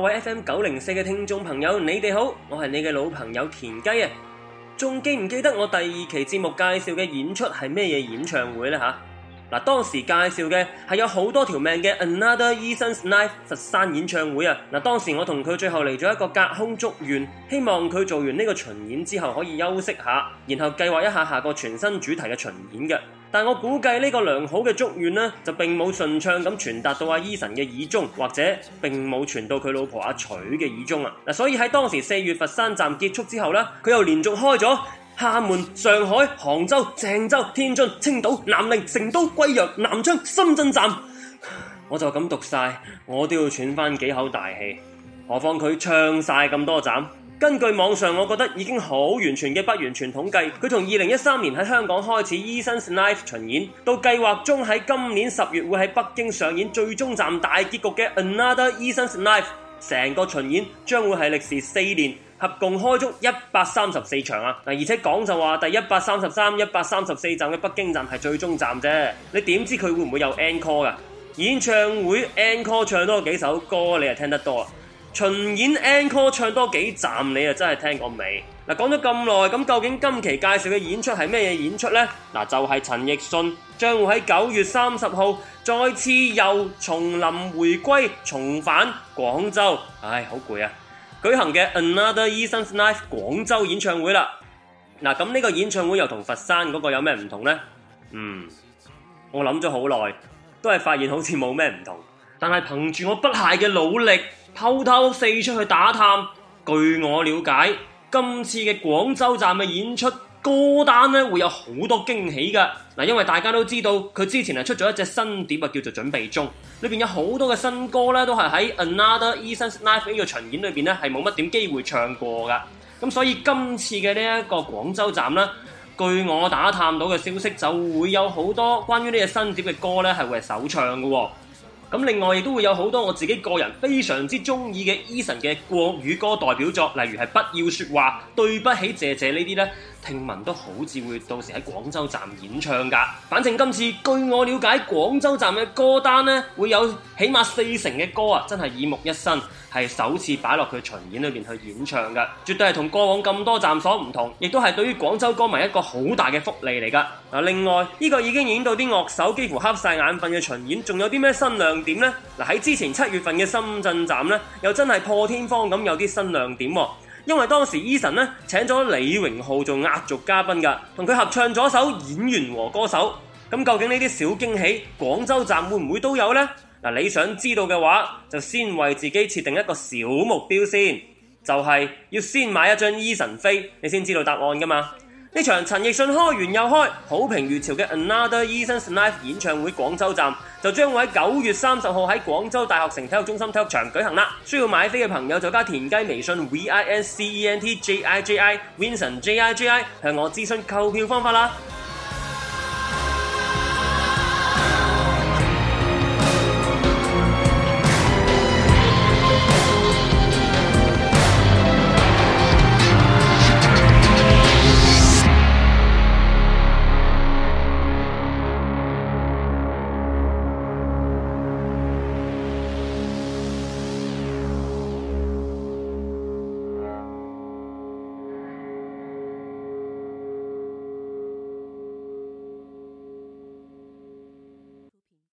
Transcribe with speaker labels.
Speaker 1: 各位 FM 九零四嘅聽眾朋友，你哋好，我係你嘅老朋友田雞啊！仲記唔記得我第二期節目介紹嘅演出係咩嘢演唱會呢？吓、啊、嗱，當時介紹嘅係有好多條命嘅 Another Eason’s Life 佛山演唱會啊！嗱、啊，當時我同佢最後嚟咗一個隔空祝願，希望佢做完呢個巡演之後可以休息下，然後計劃一下下個全新主題嘅巡演嘅。但我估計呢個良好嘅祝願呢，就並冇順暢咁傳達到阿伊神嘅耳中，或者並冇傳到佢老婆阿徐嘅耳中啊！所以喺當時四月佛山站結束之後呢，佢又連續開咗廈門、上海、杭州、鄭州、天津、青島、南寧、成都、貴陽、南昌、深圳站，我就咁讀曬，我都要喘翻幾口大氣，何況佢唱曬咁多站。根據網上，我覺得已經好完全嘅不完全統計。佢從二零一三年喺香港開始《Eason's Life》巡演，到計劃中喺今年十月會喺北京上演最終站大結局嘅 Another Eason's Life。成個巡演將會係歷時四年，合共開足一百三十四場啊！而且講就話第一百三十三、一百三十四站嘅北京站係最終站啫。你點知佢會唔會有 encore 嘅演唱會 encore 唱多幾首歌，你就聽得多啊？巡演 encore 唱多幾站，你又真係聽過未？嗱，講咗咁耐，究竟今期介紹嘅演出係咩嘢演出呢？就係、是、陳奕迅將會喺九月三十號再次又重臨回歸，重返廣州。唉，好攰啊！舉行嘅 Another Eason's Life 廣州演唱會啦。嗱，咁呢個演唱會又同佛山嗰個有咩唔同呢？嗯，我諗咗好耐，都係發現好似冇咩唔同。但係憑住我不懈嘅努力。偷偷四出去打探，據我了解，今次嘅廣州站嘅演出歌單咧，會有好多驚喜嘅。因為大家都知道佢之前啊出咗一隻新碟叫做《準備中》，裏面有好多嘅新歌咧，都係喺 Another Eason's Life 呢、這個巡演裏面咧，係冇乜點機會唱過嘅。咁所以今次嘅呢一個廣州站啦，據我打探到嘅消息，就會有好多關於呢隻新碟嘅歌咧，係會首唱嘅。咁另外亦都會有好多我自己個人非常之中意嘅 Eason 嘅國語歌代表作，例如係不要説話、對不起姐姐、謝謝呢啲咧。聽聞都好似會到時喺廣州站演唱㗎，反正今次據我了解，廣州站嘅歌單呢會有起碼四成嘅歌啊，真係耳目一新，係首次擺落佢巡演裏面去演唱嘅，絕對係同過往咁多站所唔同，亦都係對於廣州歌迷一個好大嘅福利嚟㗎。嗱，另外，呢個已經演到啲樂手幾乎瞌晒眼瞓嘅巡演，仲有啲咩新亮點呢？嗱，喺之前七月份嘅深圳站呢，又真係破天荒咁有啲新亮點哦。因為當時 Eason 呢請咗李榮浩做壓軸嘉賓噶，同佢合唱咗首《演員和歌手》。咁究竟呢啲小驚喜，廣州站會唔會都有呢？嗱，你想知道嘅話，就先為自己設定一個小目標先，就係要先買一張 Eason 飛，你先知道答案噶嘛。呢場陳奕迅開完又開，好評如潮嘅 Another Eason’s Life 演唱會廣州站，就將會喺九月三十號喺廣州大學城體育中心體育場舉行啦。需要買飛嘅朋友就加田雞微信 vincentjiji、e、vincentjiji 向我諮詢購票方法啦。